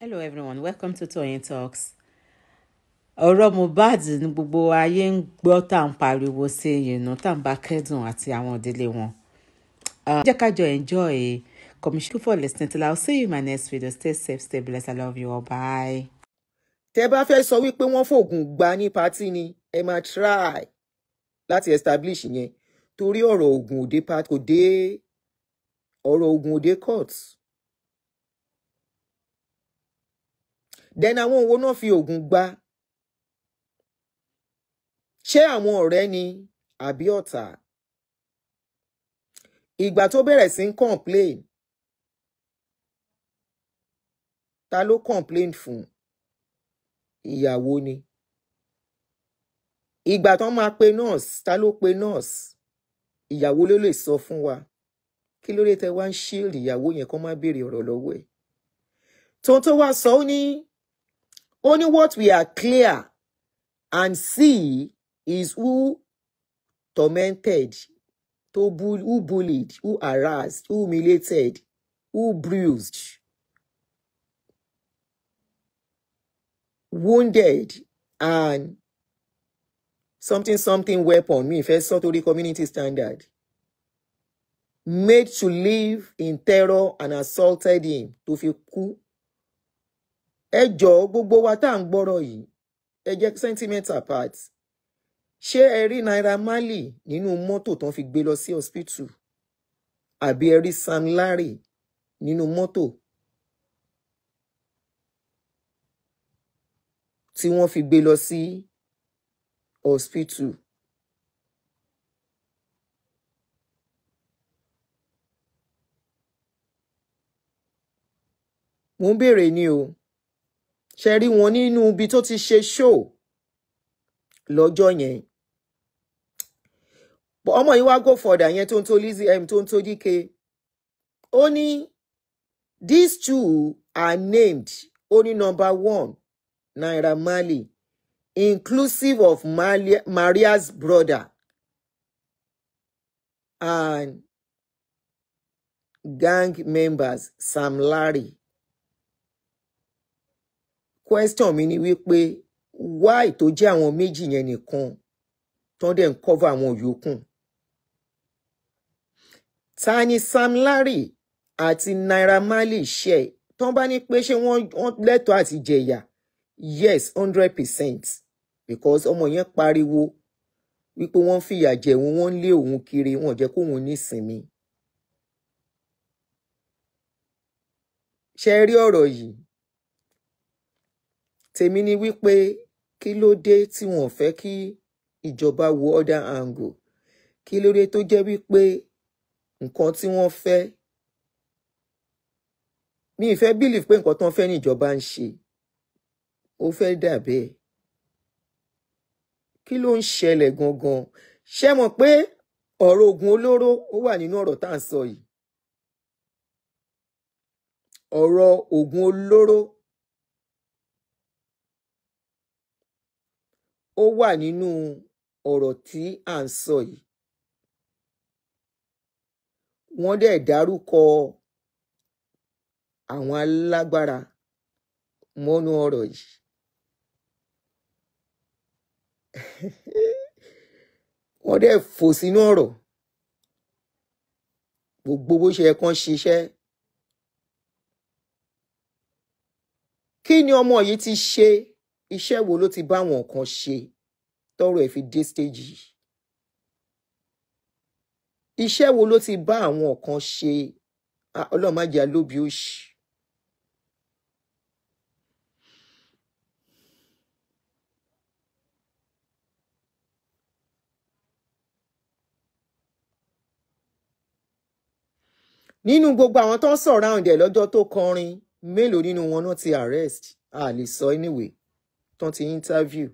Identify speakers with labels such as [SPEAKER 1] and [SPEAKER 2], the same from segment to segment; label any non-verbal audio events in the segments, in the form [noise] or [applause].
[SPEAKER 1] hello everyone welcome to Toyeen Talks ọ̀rọ̀ Mohbad ní gbogbo ayé ń gbọ́ tá à ń pariwo sí ìyẹnà tá à ń bá kẹ́dùn àti àwọn ìdílé wọn jẹ́ ká jọ enjoy commission for listening till I will see you in my next video stay safe stay blessed I love you all bye. tẹ́ bá fẹ́ sọ wípé wọ́n fòògùn gbà ní patí ni ẹ máa try láti establish yẹn torí ọ̀rọ̀ oògùn òde pat kò dé ọ̀rọ̀ oògùn òde court. then àwọn òwò náà fi oògùn gbá ṣé àwọn ọ̀rẹ́ ni àbí ọ̀tá ìgbà tó bẹ̀rẹ̀ sí ń complain ta ló complain fún ìyàwó ni ìgbà tán máa pe nurse ta ló pe nurse ìyàwó ló lè sọ fún wa kí ló dé tẹ wá ń ṣíìlì ìyàwó yẹn kó má béèrè ọ̀rọ̀ lọ́wọ́ ẹ̀ tóun tó wá sọ ó ní Only what we are clear and see is who tormented, to bull, who bullied, who harassed, who humiliated, who bruised, wounded, and something something weapon mi fẹ́ sọ the community standard made to live in terror and assaulted him to feel cool ẹ jọ̀ọ́ gbogbo wa tá à ń gbọ́rọ̀ yìí ẹ jẹ́ sentiment apart ṣé ẹ rí Naira Marley nínú mọ́tò tán fi gbé lọ sí hospital àbí ẹ rí Sam Larry nínú mọ́tò tí wọ́n fi gbé lọ sí hospital. mo ń béèrè ni o ṣe rí wọn nínú ibi tó ti ṣe show lọ́jọ́ yẹn ọmọ yìí wá go further yẹn tó ń tó Lizzie m tó ń tó Dike ó ní these two are named ó ní number one Naira Marley inclusive of Maria's brother and gang members Sam Larry question mi ni wípé why tó jẹ́ àwọn méjì yẹn nìkan tán dẹ̀ cover àwọn yòókù ta ni Sam Larry àti Naira Marley ṣe tán bá ní pé ṣé wọ́n lẹ́tọ̀ọ́ àti jẹ̀yà yes hundred percent because ọmọ yẹn pariwo wípé wọ́n fìyà jẹ òun wọ́n lé òun kiri wọ́n jẹ́ kóun nísinmi. ṣe rí ọ̀rọ̀ yìí tèmi ni wípé kí ló dé tí wọn ò fẹ́ kí ìjọba wo other angle kí ló dé tó jẹ́ wípé nǹkan tí wọ́n fẹ́ mi ì fẹ́ bílíf pé nǹkan tó ń fẹ́ ní ìjọba ń ṣe ó fẹ́ dà kí ló ń ṣẹlẹ̀ gangan ṣé mọ̀ pé ọ̀rọ̀ oògùn olóró ó wà nínú ọ̀rọ̀ tá à ń sọ yìí ọ̀rọ̀ oògùn olóró ó wà nínú ọ̀rọ̀ tí à ń sọ yìí. Wọ́n dẹ̀ dárúkọ àwọn alágbára mọ́nú ọ̀rọ̀ yìí. [laughs] Wọ́n dẹ̀ fò sínú ọ̀rọ̀ gbogbo bó ṣe kán ṣiṣẹ́. Kí ni ọmọ yìí ti ṣe? iṣẹ́ wo ló ti bá àwọn kan ṣe tọ́rọ̀ ẹ̀ fi dé stage yìí iṣẹ́ wo ló ti bá àwọn kan ṣe ọlọ́run má jẹ́ alóbi òṣì. nínú gbogbo àwọn tó ń surround ẹ̀ lọ́jọ́ tó kọrin mélòó nínú wọn náà ti arrest a lè sọ anyway tán ti interview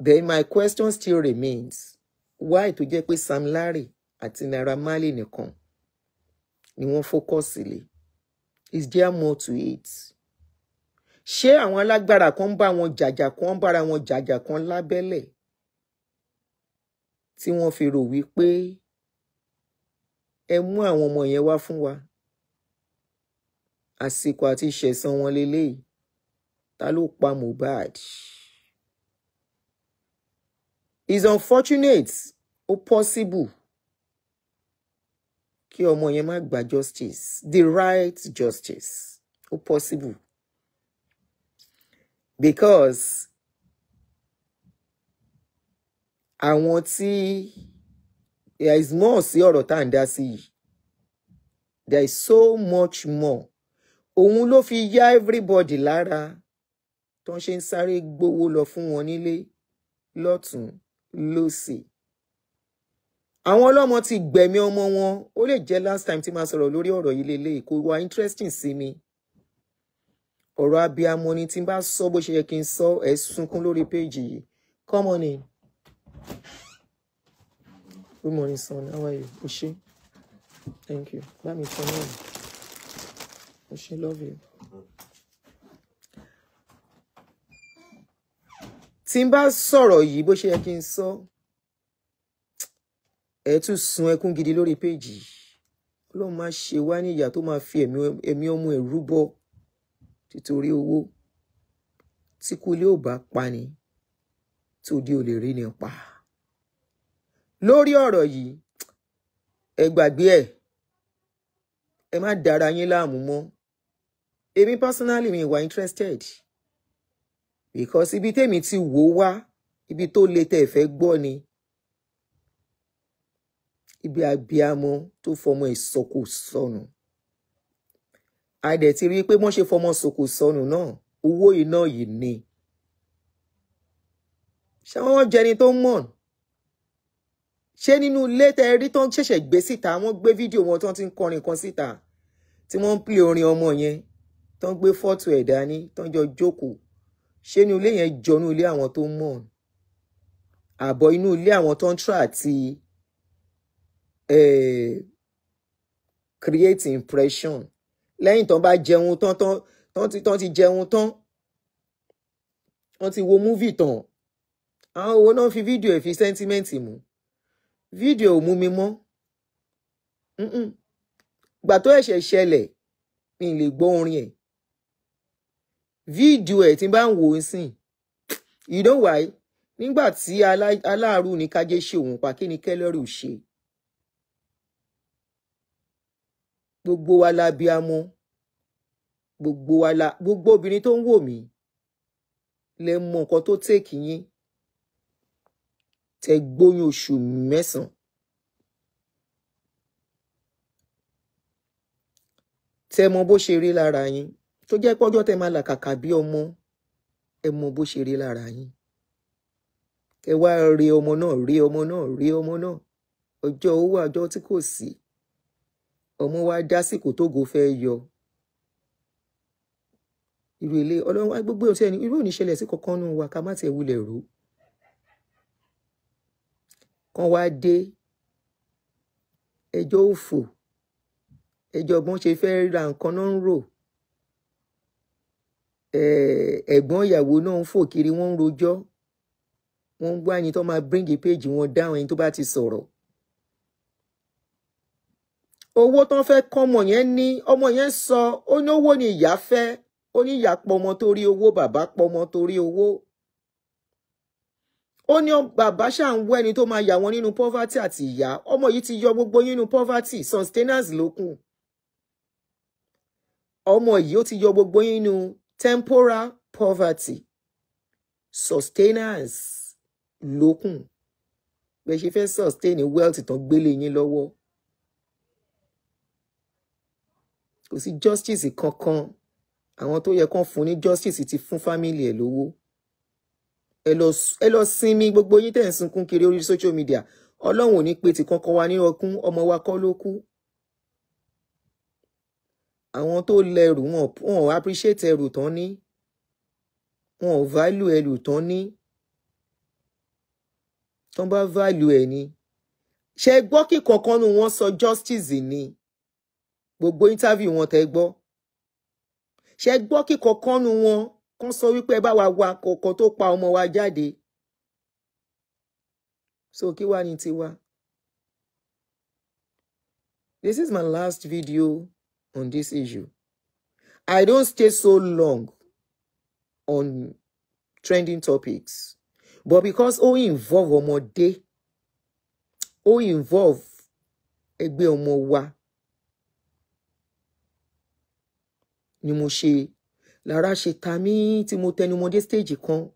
[SPEAKER 1] then my question still remains why to jẹ́ pé Sam Larry àti Naira Marley nìkan ni wọ́n focus lé is there more to it ṣé àwọn alágbára kan ń bá wọn jàjà kan ń bára wọn jàjà kan lábẹ́lẹ̀ tí wọ́n fi rò wípé ẹ mú àwọn ọmọ yẹn wá fún wa àsìkò àti ìṣẹ̀san wọn leléyìí ta ló pa Mohbad is unfortunate ó possible kí ọmọ yẹn má gba justice the right justice ó possible because àwọn tí there is more sí ọ̀rọ̀ tá à ń dá sí yìí there is so much more òun ló fi yá everybody lára tó ń ṣe ń sáré gbowó lọ fún wọn nílé lọ́tún lọ́sì. àwọn ọlọ́mọ ti gbẹ̀mí ọmọ wọn ó lè jẹ́ last time tí máa sọ̀rọ̀ lórí ọ̀rọ̀ yìí lélẹ̀ kò wá interesting sí mi. ọ̀rọ̀ abiyamọ ni tí n bá sọ bó ṣe yẹ kí n sọ ẹ̀ sunkún lórí péjì yìí come on in. good morning son how are you? o ṣe thank you bá mi tọ́ náà o ṣe love you. tí n bá sọ̀rọ̀ yìí bó ṣe yẹ kí n sọ ẹ tún sun ẹkún gidi lórí péjì ọlọ́run máa ṣe wá ní ìyà tó máa fi ẹ̀mí ọmọ ẹ̀ rúbọ títorí owó tí kú ilé ò bá pani tí òde ò lè rí ni pa lórí ọ̀rọ̀ yìí ẹ gbàgbé ẹ̀ ẹ má dára yín láàmú mọ́ èmi personally mi wà interested because ibi tèmi ti wò wá ibi tó le tẹ́ fẹ́ gbọ́ ni ibi àbíamọ tó fọmọ ìsọkò sọnù a dẹ̀ ti rí i pé wọ́n ṣe fọmọ sọkò sọnù náà owó iná yìí ni ṣé wọ́n jẹni tó mọ̀ ṣé nínú ilé tẹ rí tán ṣẹ̀ṣẹ̀ gbé síta wọ́n gbé fídíò wọn tán ti ń kọrin kan síta tí wọ́n play pè orin ọmọ yẹn tán gbé fọ́tò ẹ̀ dání tán jọ jókòó ṣé inú ilé yẹn jọ inú ilé àwọn tó mọ̀ àbọ̀ inú ilé àwọn tó ń tra àti create impression lẹ́yìn tán bá jẹun tán tán tán ti jẹun tán wọ́n ti wo múvì tán àwọn owó náà fi fídíò ẹ̀ fi sẹ́ńtímẹ́ǹtì mú fídíò ò mú mi mọ́ gbà tó ẹ̀ṣẹ̀ ṣẹlẹ̀ mi lè gbọ́ orin ẹ̀ fídíò ẹ̀ tí n bá ń wò ó sìn you know why nígbà tí aláàrú ní kájé ṣe òun pa kí ni kẹlẹ́rì ò ṣe gbogbo wa la bí amọ́ gbogbo wa la gbogbo obìnrin tó ń wò mí lẹ mọ nǹkan tó tèkì yín tẹ gbóyún oṣù mẹ́sàn tẹ mọ bó ṣe rí lára yín tó jẹ́ pọ́jọ́ tẹ máa làkàkà bí ọmọ ẹ mọ bó ṣe rí lára yín ẹ wá rí ọmọ náà rí ọmọ náà rí ọmọ náà ọjọ́ owó àjọ tí kò sí ọmọ wa dásìkò tógo fẹ́ yọ irú ilé ọlọ́run wá gbogbo ọ̀sẹ̀ ni irú oníṣẹ̀lẹ̀ sí kankan nù wá ká má tiẹ̀ wulẹ̀ rò kan wá dé ẹjọ́ òfò ẹjọ́ bọ́n ṣe fẹ́ ra nǹkan náà ń rò Eh, ẹ̀gbọ́n ìyàwó náà ń fò kiri wọ́n ń rojọ́ wọ́n ń wá ẹni tó máa bring page wọn down ẹni tó bá ti sọ̀rọ̀ owó tán fẹ́ kọ́ ọmọ yẹn ní ọmọ yẹn sọ ó ní owó ni ìyá fẹ́ ó ní ìyá pọmọ torí owó bàbá pọmọ torí owó ó ní bàbá ṣáà ń wọ ẹni tó máa yà wọn nínú poverty àti ìyá ọmọ yìí ti yọ gbogbo nínú poverty sustenance ló kù ọmọ yìí ó ti yọ gbogbo nínú temporal poverty sustenance lókùn bẹ́ẹ̀ ṣe fẹ́ sustain wealth tán gbélé yín lọ́wọ́ kò sí justice kankan àwọn tó yẹ kán fún ní justice ti fún family ẹ̀ lówó ẹ lọ sinmi gbogbo yín tẹ̀ ń sunkún kiri orí social media ọlọ́run ò ní pe tìkankan wa ní ọkún ọmọ wa kọ́ ló kú àwọn tó lẹrù wọn wọn ò appreciate ẹrù tán ní wọn ò value ẹrù tán ní tán bá value ẹ ní ṣe gbọ́ kí kankan nu wọn sọ justice ni gbogbo interview wọn tẹ gbọ́ ṣe gbọ́ kí kankan nu wọn kàn sọ wípé ẹ bá wa wa kọ̀ọ̀kan tó pa ọmọ wa jáde so kí wá ní tiwa. This is my last video on this issue. I don't stay so long on trending topics, but because all involve ọmọdé, all involve ẹgbẹ́ ọmọ wa ni mo ṣe lára ṣe ta mí tí mo tẹnumọdé stage kan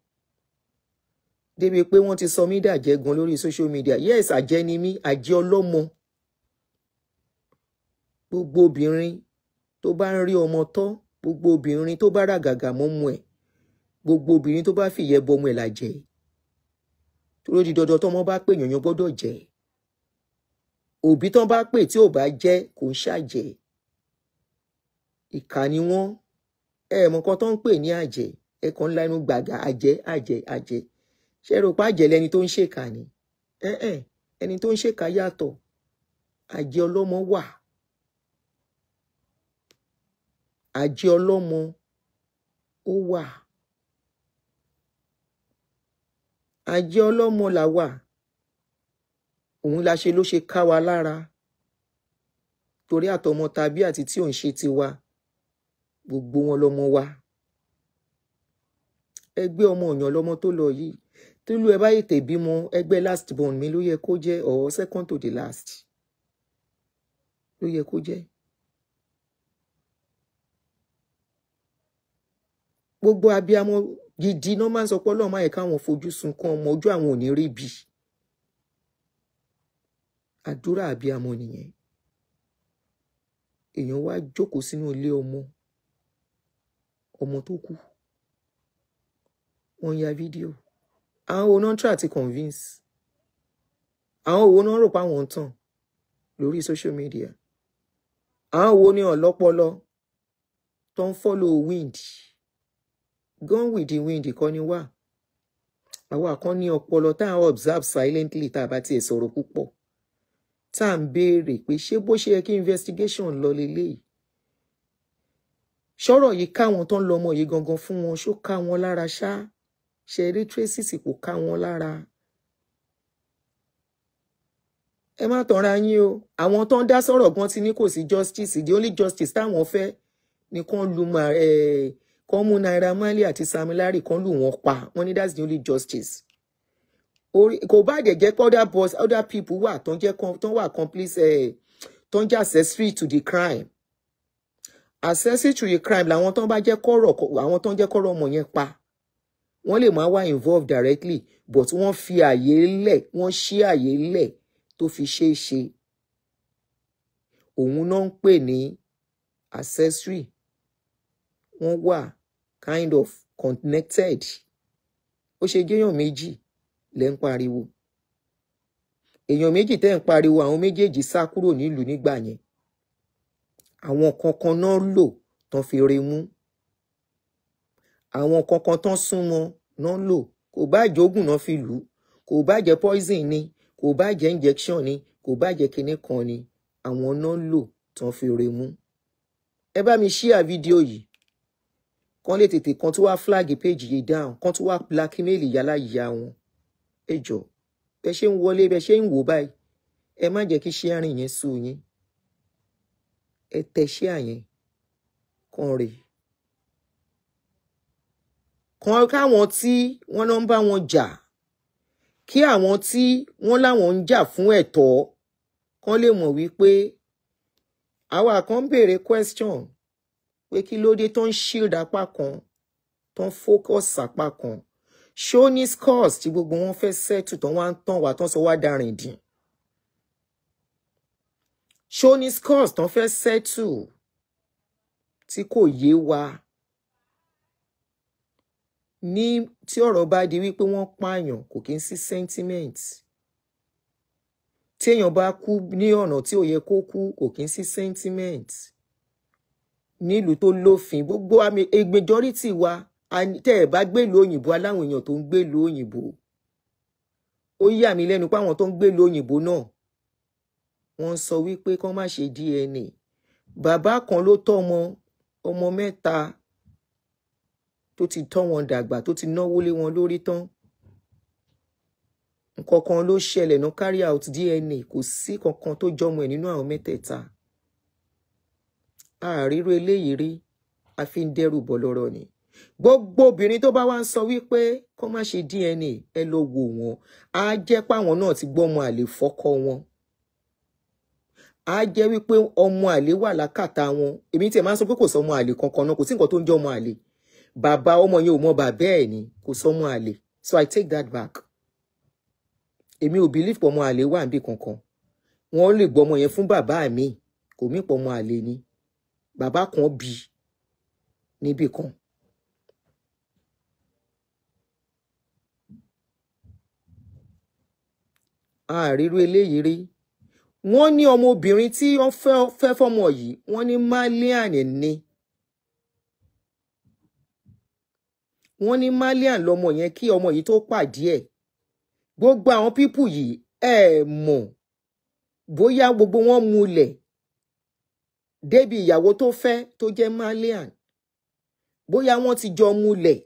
[SPEAKER 1] débi pé wọ́n ti sọ mí dàjẹ́ gan lórí social media yes àjẹ́ ni mí àjẹ́ ọlọ́mọ gbogbo obìnrin tó bá ń rí ọmọ tọ́ gbogbo obìnrin tó bá ràgàgà mọ́mú ẹ̀ gbogbo obìnrin tó bá fìyẹ́ bọmú ẹ̀ làjẹ́ tó ló di dandan tọ́mọ bá pè yànyàn gbọ́dọ̀ jẹ́ òbí tán bá pè tí ò bá jẹ́ kò ń ṣàjẹ́ ìkà ni wọ́n ẹ mọ̀ kan tó ń pè ní àjẹ́ ẹ kàn ń la inú gbàgà àjẹ́ àjẹ́ àjẹ́ ṣe rò pé àjẹ́ lẹni tó ń ṣèkà ni ẹni tó ń ṣèkà yàtọ̀ àjẹ́ ọlọ́mọ wà. àjẹ́ ọlọ́mọ ó wà àjẹ́ ọlọ́mọ là wà òun la ṣe ló ṣe ká wa lára torí àtọmọ tàbí àti tí ò ń ṣe tiwa gbogbo wọn lọmọ wa ẹgbẹ́ ọmọ ọyàn lọmọ tó lọ yìí tílù ẹ bá ètè bímọ last born mi ló yẹ kó jẹ́ or second to the last ló yẹ kó jẹ́ gbogbo abiyamọ gidi náà máa ń sọ pé ọlọ́run máa yẹ káwọn fojú sunkún ọmọ ojú àwọn ò ní rí bí àdúrà abiyamọ nìyẹn èèyàn wá jókòó sínú ilé ọmọ ọmọ tó kú wọ́n ya fídíò àwọn òun náà try to convince àwọn òun náà rò pé àwọn ń lórí social media àwọn òun ni ọlọ́pọlọ tó ń follow wind gone with the wind ìkọ́ni wà àwa kan ní ọpọlọ tá à ń observe silently tá a bá tiẹ̀ sọ̀rọ̀ púpọ̀ tá à ń béèrè pé ṣé bó ṣe yẹ kí investigation lọ leléyìí ṣọ́rọ̀ yìí káwọn tó ń lọ ọmọ yìí gangan fún wọn ṣó ká wọn lára ṣá ṣe rí traces kò ká wọn lára ẹ má tanra yín o àwọn tó ń dá sọ̀rọ̀ gan ti ní kò sí justice the only justice táwọn fẹ́ ni kàn lu eh, kan mú Naira Marley àti Sam Larry kan lù wọ́n pa wọ́n ní that's the only justice kò bá dẹ̀ jẹ́ pé other boss other people wà tó ń jẹ́ tó ń wà complice eh, tó ń jẹ́ accessory to the crime accessory to the crime làwọn tó ń bá jẹ́ kọ́rọ̀ àwọn tó ń jẹ́ kọ́rọ̀ ọmọ yẹn pa wọ́n lè máa wá involved directly but wọ́n fi àyè lẹ̀ wọ́n ṣí àyè lẹ̀ tó fi ṣe é ṣe òun náà ń pè ní accessory wọ́n wà kind of connected ó ṣe géèyàn méjì lẹ́ ń pariwo èèyàn meji tẹ́ ń pariwo àwọn méjèèjì sá kúrò nílùú nígbà yẹn àwọn kankan náà lò tán fi re mú àwọn kankan tán súnmọ́ náà lò kò bá ìjógùn náà fi lù ú kò bá poison ni kò bá jẹ́ injection ni kò bá jẹ́ kinní kan ni àwọn náà lò tán fi re mú ẹ bá mi ṣíà fídíò yìí kan lè tètè kan tó wá flag page yìí down kan tó wá blackmail yálà ìyá wọn ẹ jọ bẹ ṣe ń wọlé bẹ ṣe ń wò báyìí ẹ má jẹ́ kí sharing yẹn sú yín ẹ tẹ share yẹn kan rè kan káwọn tí wọ́n náà ń bá wọn jà kí àwọn tí wọ́n láwọn ń jà fún ẹ̀tọ́ kan lè mọ̀ wípé àwa kan ń béèrè question pé kí ló dé tó ń shield apá kan tó ń focus apá kan ṣó ní scores tí gbogbo wọn fẹ́ settle tó wá ń tàn wá tó ń sọ wá darin dín ṣó ní scores tó ń fẹ́ settle tí kò yé wa ní tí ọ̀rọ̀ bá di wípé wọ́n pààyàn kò kí ń sí sentiment tí èèyàn bá kú ní ọ̀nà tí ò yẹ kó kú kò kí ń sí sentiment nílùú tó lófin gbogbo majority wa tẹ́ ẹ̀ bá gbèlú òyìnbó aláwọn èèyàn tó ń gbèlú òyìnbó ó yà mí lẹ́nu pé àwọn tó ń gbèlú òyìnbó náà wọ́n sọ wípé kán má ṣe DNA bàbá kan ló tọ́ ọmọ ọmọ mẹ́ta tó ti tọ́ wọn dàgbà tó ti náwó lé wọn lórí tán nǹkan kan ló ṣẹlẹ̀ ná carry out DNA kò sí kankan tó jọmọ ẹ̀ nínú àwọn mẹ́tẹ̀ẹ̀ta àríró eléyìí rí a fi ń dẹ́rù bọ̀ lọ́rọ̀ ni gbogbo obìnrin tó bá wá ń sọ wípé kó má ṣe DNA ẹ lọ wò wọn á jẹ́ páwọn náà ti gbọ́ ọmọ àlè fọ́kọ wọn á jẹ́ wípé ọmọ àlè wà lákàtà wọn èmi tiẹ̀ máa ń sọ pé kò sọ ọmọ àlè kankan náà kò sí nǹkan tó ń jẹ́ ọmọ àlè bàbá ọmọ yẹn ò mọ bàbá ẹ̀ ni kò sọ ọmọ àlè so I take that back èmi ò believe pọ̀ ọmọ àlè wà níbì kankan wọ́n lè gbọ́ ọmọ yẹn fún bàbá mi kò mí pọ̀ ọmọ àlè ni bàbá kan bí níbì kan. àrírú eléyìí rí wọ́n ní ọmọbìnrin tí wọ́n fẹ́ fọ́mọ yìí wọ́n ní malian ni wọ́n ní malian lọ́mọ yẹn kí ọmọ yìí tó pàdé ẹ̀ gbogbo àwọn pípù yìí ẹ mọ̀ bóyá gbogbo wọn mulẹ̀ débi ìyàwó tó fẹ́ tó jẹ́ malian bóyá wọ́n ti jọ mulẹ̀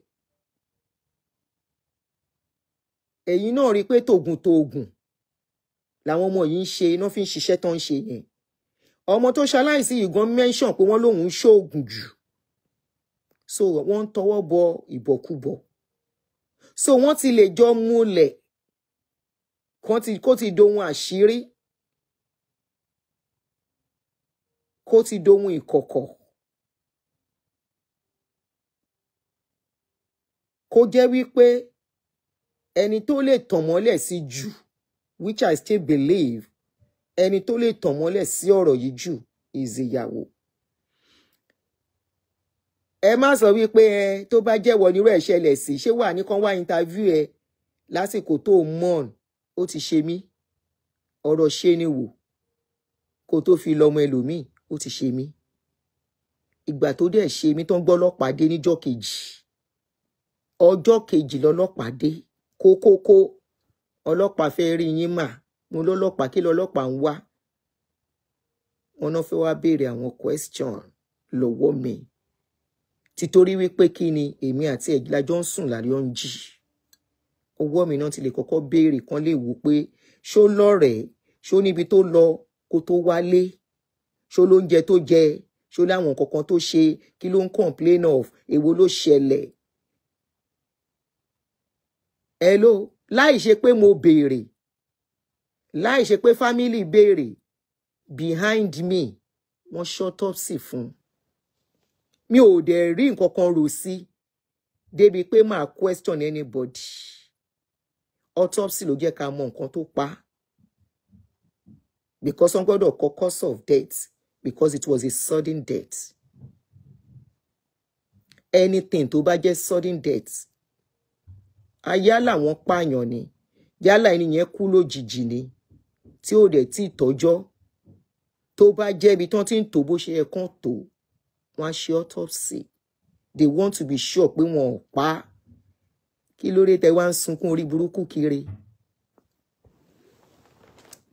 [SPEAKER 1] ẹ̀yin náà rí i pé tògùn tògùn làwọn ọmọ yìí ń ṣe iná fi ń ṣiṣẹ́ tó ń ṣe yẹn ọmọ tó ṣaláìsí yìí gan mẹ́ńsàn pé wọ́n lòun ń ṣoògùn jù so wọ́n ń tọwọ́ bọ ìbọ̀kúbọ̀ so wọ́n ti lè jọ múlẹ̀ kó ti dohun àṣírí kó ti dohun ìkọ̀kọ̀ kó jẹ́ wípé ẹni tó lè tàn mọ́lẹ̀ sí jù which I still believe ẹni tó lè tàn mọ́lẹ̀ sí ọ̀rọ̀ yìí jù ìzìyàwó. ẹ má sọ wípé ẹ tó bá jẹ́wọ́ nírú ẹ̀ ṣẹlẹ̀ sí ṣé wà ní kán wá interview ẹ lásìkò tó mọ̀n ó ti ṣe mí ọ̀rọ̀ ṣe ni wò kó tó fi lọ́mọ ẹlòmíì ó ti ṣe mí ìgbà tó dẹ̀ ṣe mí tó ń gbọ́ ọlọ́pàá dé níjọ́ kejì ọjọ́ kejì lọ́lọ́pàá dé kókókó ọlọ́pàá fẹ́ rí yín mà mo lọ́lọ́pàá kí lọ́lọ́pàá ń wá wọn náà fẹ́ wá béèrè àwọn question lọ́wọ́ mi títorí wípé kí ni èmi àti ẹ̀gílá jọ ń sùn lálẹ́ oúnjì ọwọ́ mi náà ti lè kọ́kọ́ béèrè kan lè wò pé ṣó lọ́rẹ̀ẹ́ ṣó níbi tó lọ kó tó wálé ṣó ló ń jẹ tó jẹ ṣó láwọn kankan tó ṣe kí ló ń complain of èwo ló ṣẹlẹ̀ hello láì ṣe pé mo béèrè láì ṣe pé family béèrè behind me wọ́n ṣọtọpsì fún mi ò dẹ̀ rí nǹkan kan rò sí débi pé màá question anybody autopsy ló jẹ́ ká mọ nǹkan tó pa because wọ́n gbọ́dọ̀ kọ cause of death because it was a sudden death anything to budget sudden death ayálà wọn pààyàn ni yálà ẹni yẹn kú lójijì ni tí ó dẹ̀ tí tọ́jọ́ tó bá jẹ́ ibi tán ti ń tò bó ṣe autopsy they want to be sure pé wọn ò pa á kí ló dé tẹ wá ń sunkún orí burúkú kiri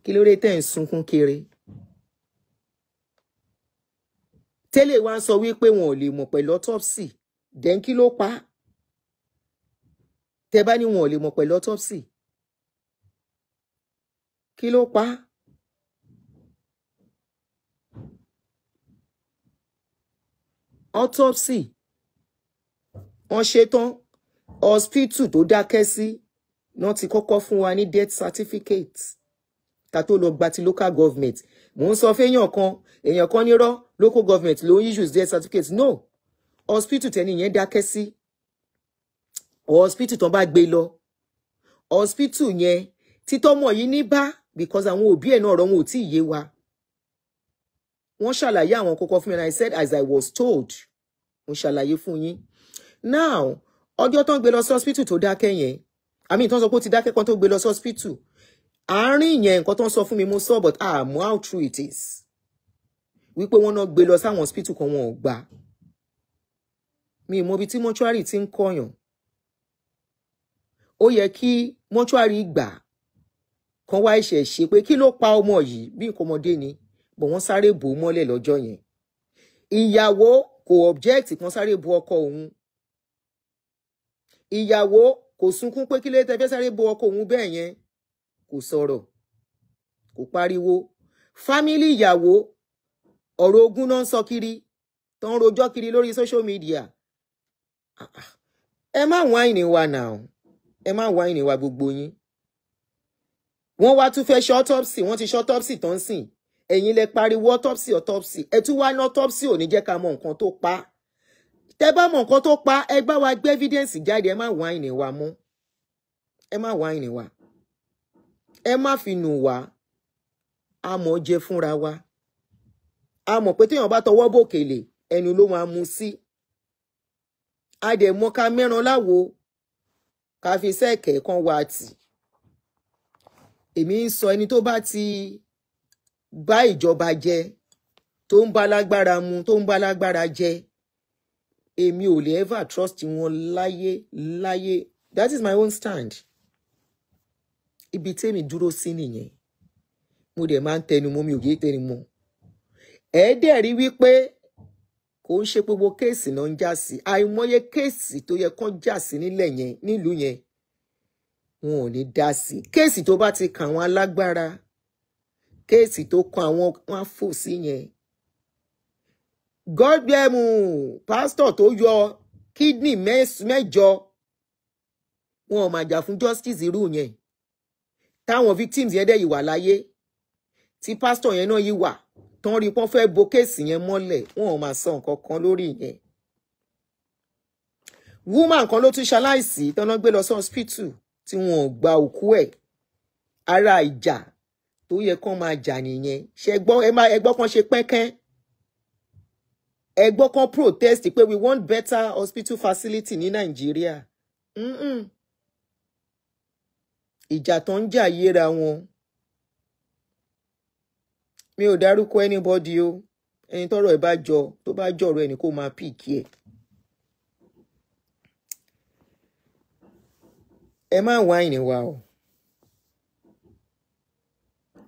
[SPEAKER 1] kí ló dé tẹ ń tẹ́lẹ̀ wá ń sọ wípé wọn ò lè mọ̀ pẹ̀lú autopsy then kí ló pa tẹ bá ní wọn ò lè mọ̀ pẹ̀lú autopsy kí ló pa autopsy wọ́n ṣe tán hospital tó dákẹ́ sí náà ti kọ́kọ́ fún wa ní death certificate ká tó lọ gba ti local government mò ń sọ fẹ́yàn kan èèyàn kan nírọ́ local government ló ń issue their certificate no hospital tẹni yẹn dákẹ́ sí hospital tán bá gbé lọ hospital yẹn títọ́mọ̀ yìí ní bá because àwọn òbí ẹ̀ náà ọ̀rọ̀ wọn ò tí ì yé wa wọ́n ṣàlàyé àwọn kókó fún mi and I said as I was told mo ṣàlàyé fún yín now ọjọ́ tán gbé lọ sí hospital tó dákẹ́ yẹn àmì ìtàn sọ pé ó ti dákẹ́ kan tó gbé lọ sí hospital àárín ìyẹn nǹkan tó ń sọ fún mi mo sọ but àmọ́ ah, how true it is wípé wọ́n náà gbé lọ sáwọn hospital kan wọn ò gbà mi ì mọ ibi tí mọ́ṣúárì ti ń kọyàn ó yẹ kí mọ́ṣúárì gbà kan wá ẹ̀ṣẹ̀ ṣe pé kí ló pa ọmọ yìí bí nǹkan ọmọdé ni bọ̀ wọ́n sáré bò ó mọ́lẹ̀ lọ́jọ́ yẹn ìyàwó kò object kan sáré bo ọkọ òun ìyàwó kò sunkún pé kí ló tẹ fẹ́ sáré bo ọkọ òun bẹ́ẹ̀ yẹn kò sọ̀rọ̀ kò pariwo fámílì ìyàwó ọ̀rọ̀ ogún náà ń sọ kiri tó ń rojọ́ kiri lórí social media ẹ má wáìnì wa náà ẹ má wáìnì wa gbogbo yín wọ́n wá tún fẹ́ ṣe autopsy wọ́n ti ṣe autopsy tó ń sìn ẹ̀yin lẹ pariwo autopsy autopsy ẹ tún wá ní autopsy ò ní jẹ́ ká mọ nǹkan tó pa tẹ bá mọ nǹkan tó pa ẹ gbá wa gbé evidence jáde ẹ má wáìnì wa mọ́ ẹ má wáìnì wa ẹ má fi nù wá a mọ̀ jẹ fúnra wa a mọ̀ pé téèyàn bá tọwọ́ bòkèlè ẹnu ló máa mu sí a dẹ̀ mọ̀ ká mẹ́ran láwo ká fi sẹ́ẹ̀kẹ́ kan wá tì èmi ń sọ ẹni tó bá ti bá ìjọba jẹ tó ń bá lágbára mu tó ń bá lágbára jẹ èmi ò lè ever trust wọn láyé láyé that is my own stand ibi tèmi dúró sí nìyẹn mo dẹ̀ máa ń tẹnu mọ́ mi ò yé tẹnu mọ́ ẹ̀ẹ́dẹ̀ rí wípé kò ń ṣe gbogbo kéèsì náà ń já sí àìmọye kéèsì tó yẹ kán já sí nílẹ̀ yẹn nílùú yẹn wọn ò ní dá sí kéèsì tó bá ti kàn àwọn alágbára kéèsì tó kan àwọn wọn fò sí yẹn godblemu pásítọ̀ tó yọ kídìní mẹ́jọ wọn ò máa jà fún justice irú yẹn táwọn victims yẹn dẹ̀ yìí wà láyé tí pásítọ̀ yẹn náà yìí wà tán rí pọ́n fẹ́ bo kéèsì yẹn mọ́lẹ̀ wọn ò máa sọ nǹkan kan lórí yẹn. woman kan ló tún ṣaláìsí tọ́nà gbé lọ sí hospital tí wọn ò gba òkú ẹ̀ ara ìjà tó yẹ kán máa jà nìyẹn ṣẹgbọ́n ẹgbọ́n kan ṣe pẹ́kẹ́n ẹgbọ́n kan protest pé we want better hospital facility ní Nàìjíríà. Mm-mm ìjà tó ń jà yéra wọn mi ò dárúkọ anybody o ẹni tọ́rọ̀ ẹ̀ bá jọ tó bá jọrọ ẹni kó máa pìkì ẹ ẹ má wáìnì wa o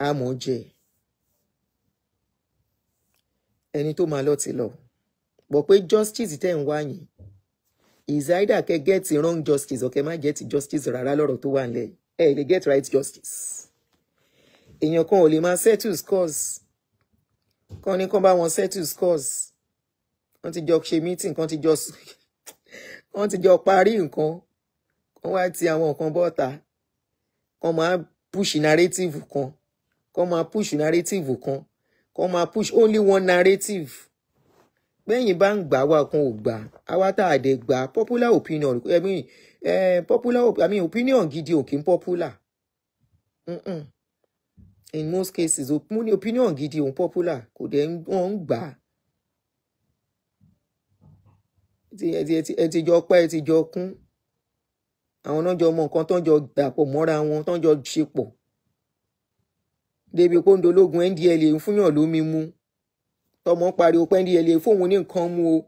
[SPEAKER 1] àmọ́ jẹ ẹni tó máa lọ ti lọ bọ̀ pé justice tẹ́ ń wá yìí is either kẹ́ wrong justice or kẹ́ má get justice rárá lọ́rọ̀ tó wà nílẹ̀ yìí. Hey, eh, they get right justice èèyàn kan ò lè máa settle scores kan ní kan bá wọn settle scores wọ́n ti jọ ṣe meeting kan ti jọ wọ́n [laughs] ti jọ parí nǹkan kan wá ti àwọn nǹkan bọ́ta kan máa push narrative kan kan máa push narrative kan kan máa push only one narrative Ben bá ń gbà wá kan ò gbà àwa tá popular opinion Ebi eh, popular I mean opinion gidi ò popular mm -mm. in most cases opinion gidi ò popular kò dẹ̀ wọ́n ń gbà á ẹ ti jọ pẹ́ ẹ ti jọ kún àwọn náà jọ mọ nǹkan tó ń jọ dàpọ̀ mọ́ra wọn tó ń jọ ṣe pọ̀ débi pé ń dológun ndla ń fúnyàn lómi mu tọmọ pariwo pé ndla mu o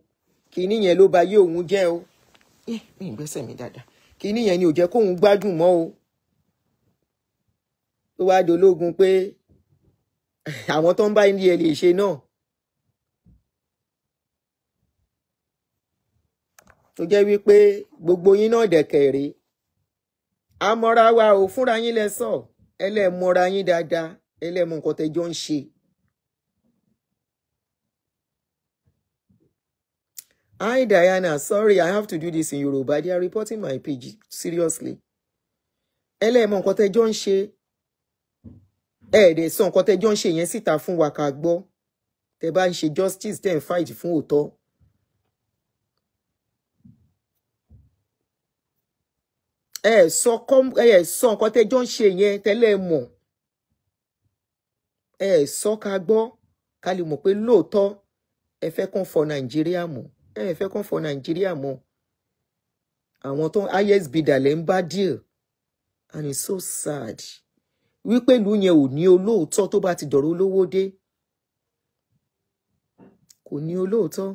[SPEAKER 1] kínní yẹn ló ba yé òun jẹ́ o ẹ eh, mi ì gbẹ́sẹ̀ mi dáadáa kí níyẹn ni ò jẹ́ kóun gbádùn mọ́ o tó wáá dológun pé eh, àwọn tó ń bá ilé ẹ lè ṣe náà tó jẹ́ wípé gbogbo yín náà dẹ̀kẹ̀rẹ́ amọ́ra wa ò fúnra yín lẹ sọ ẹlẹ́mọ̀ra yín dáadáa ẹlẹ́mọ̀ nǹkan tẹ́jọ́ ń ṣe Hi, Diana. Sorry, I have to do this in Yoruba. They are reporting my page. Seriously. Ẹlẹ́mọ̀ nǹkan tẹ́ jọ ń ṣe. Ẹ̀ẹ́dẹ̀ sọ nǹkan tẹ́ jọ ń ṣe yẹn síta fún wa ká gbọ́. Tẹ́ justice tẹ́ fight fun òótọ́. Eh so nǹkan eh son kote John yẹn tẹ́lẹ̀ tele Ẹ Eh so kagbo ká lè mọ̀ pé lóòótọ́ ẹ fẹ́ kàn fọ Nàìjíríà ẹ fẹ́ kàn fọ nàìjíríà mọ́ àwọn tó highest bidder lẹ́ ń bá deal and it's so sad wípé ìlú yẹn ò ní olóòótọ́ tó bá ti dọ̀rọ̀ olówó dé kò ní olóòótọ́.